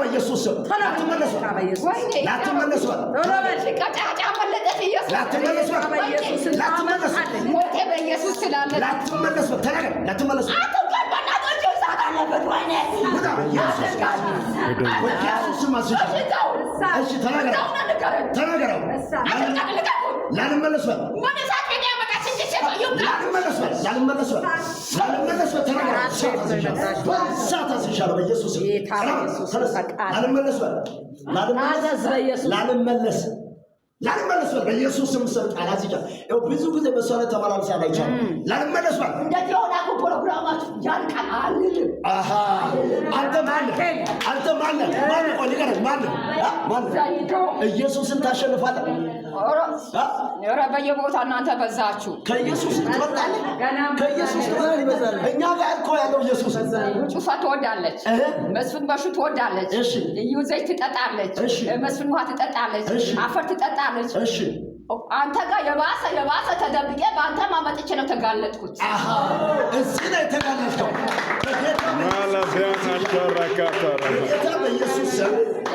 በኢየሱስ ስም ላትመለሱ ላትመለሱ ላትመለሱ ላልመለስ ላልመለሷል በኢየሱስ ስም ስልጣን አዝጃ ው ብዙ ጊዜ በሷ ላይ ተመላልሳ ላይቻል ላልመለሷል። እንደዚህ የሆነ እኮ ፕሮግራማችሁ ያን ቃል አልልም። አንተ ማነህ? አንተ ማነህ? ማነህ? ቆይ ንገረኝ፣ ማነህ? ማነህ? ኢየሱስን ታሸንፋለህ። ኧረ በየቦታ እናንተ በዛችሁ። ከኢየሱስ ትበልጣለህ፣ ከኢየሱስ ትበልጣለህ። እኛ ጋር እኮ ያለው ኢየሱስ ጩፋ ትወዳለች፣ መስፍን በሹ ትወዳለች፣ ልዩ ዘይት ትጠጣለች፣ መስፍን ውሃ ትጠጣለች፣ አፈር ትጠጣለች። አንተ ጋር የባሰ የባሰ ተደብቄ በአንተ ማመጥቼ ነው ተጋለጥኩት። እዚህ ነው የተጋለጥከው። በጌታ በኢየሱስ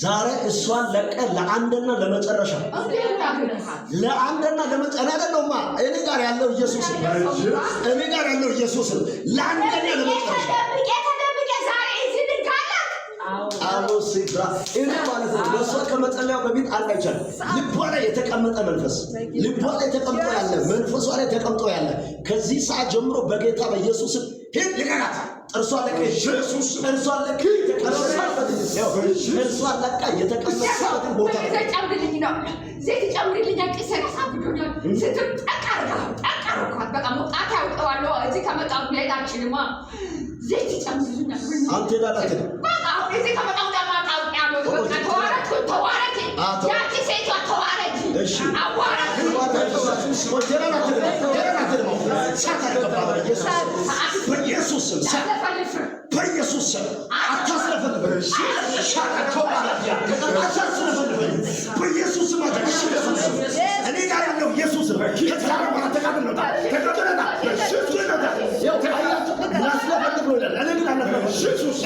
ዛሬ እሷን ለቀ ለአንድና ለመጨረሻ ለአንድና ለመጨረሻ አይደለውማ። እኔ ጋር ያለው ኢየሱስ እኔ ጋር ያለው ኢየሱስ ለአንድና ለመጨረሻ እኔ ማለት ነው። ለእሷ ከመጸለያው በፊት አንድ አይቻልም። ልቧ ላይ የተቀመጠ መንፈስ ልቧ ላይ ተቀምጦ ያለ መንፈሷ ላይ ተቀምጦ ያለ ከዚህ ሰዓት ጀምሮ በጌታ በኢየሱስ ሂድ ልቀቃት። እርሷ ለቀ እርሷ ለቀ እርሷ ቦታ አንተ በእሳት አልገባ በኢየሱስ በኢየሱስ ስም እኔ ጋር ያለው ኢየሱስ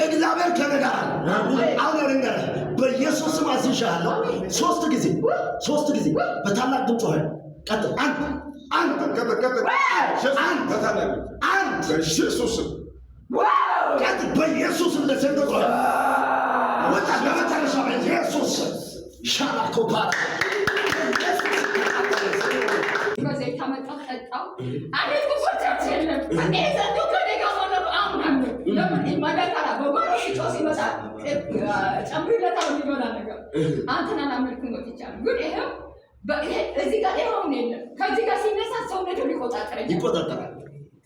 እግዚአብሔር ከእኔ አሁን ነገር በኢየሱስ ስም አዝንሻለሁ። ሶስት ጊዜ ሶስት ጊዜ በታላቅ ድምፅ ሆነ ቀጥ አንድ አንተ ከተከተልክ አንተ በኢየሱስ ቀጥ በኢየሱስ እንደተገጠ ወጣ ለመጨረሻ በኢየሱስ ሻላኮባ ጨምሪለታል የሚበላ ነገር አንተን አላመልክም ወጥቻለሁ ግን ይኸው እዚህ ጋር ይኸውን የለም። ከዚህ ጋር ሲነሳ ሰውነቱ ሊቆጣጠረ ይቆጣጠራል።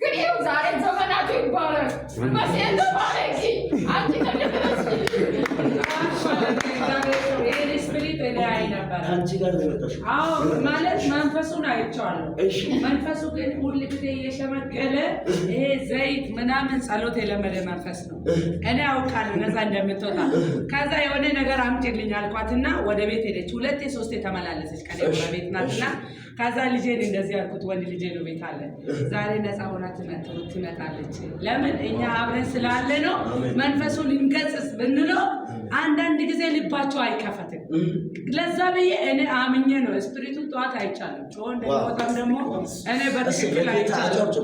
ግን ይኸው ዛሬ ዘመናቱ ይባረር መስሎ ባለ አንቺ ነበር ከአንቺ ጋር ነው የመጣሽው። አዎ ማለት መንፈሱን አይቼዋለሁ። እሺ መንፈሱ ግን ሁል ጊዜ እየሸመገለ ይሄ ዘይት ምናምን ጸሎት የለመደ መንፈስ ነው። እኔ አውቃለሁ ነፃ እንደምትወጣ። ከዛ የሆነ ነገር አምጪልኝ አልኳትና ወደ ቤት ሄደች። ሁለት ሶስቴ የተመላለሰች ከኔ ቤት ናትና ከዛ ልጄን እንደዚህ ያልኩት ወንድ ልጄ ነው ቤት አለ። ዛሬ ነፃ ሆና ትመጣለች። ለምን እኛ አብረን ስላለ ነው። መንፈሱን ልንገጽስ ብንለው አንዳንድ ጊዜ ልባቸው አይከፈትም። ለዛ ብዬ እኔ አምኜ ነው ስፕሪቱን ጠዋት አይቻልም። ጮሆ እንደሚወጣም ደግሞ እኔ በትክክል አይቻልም።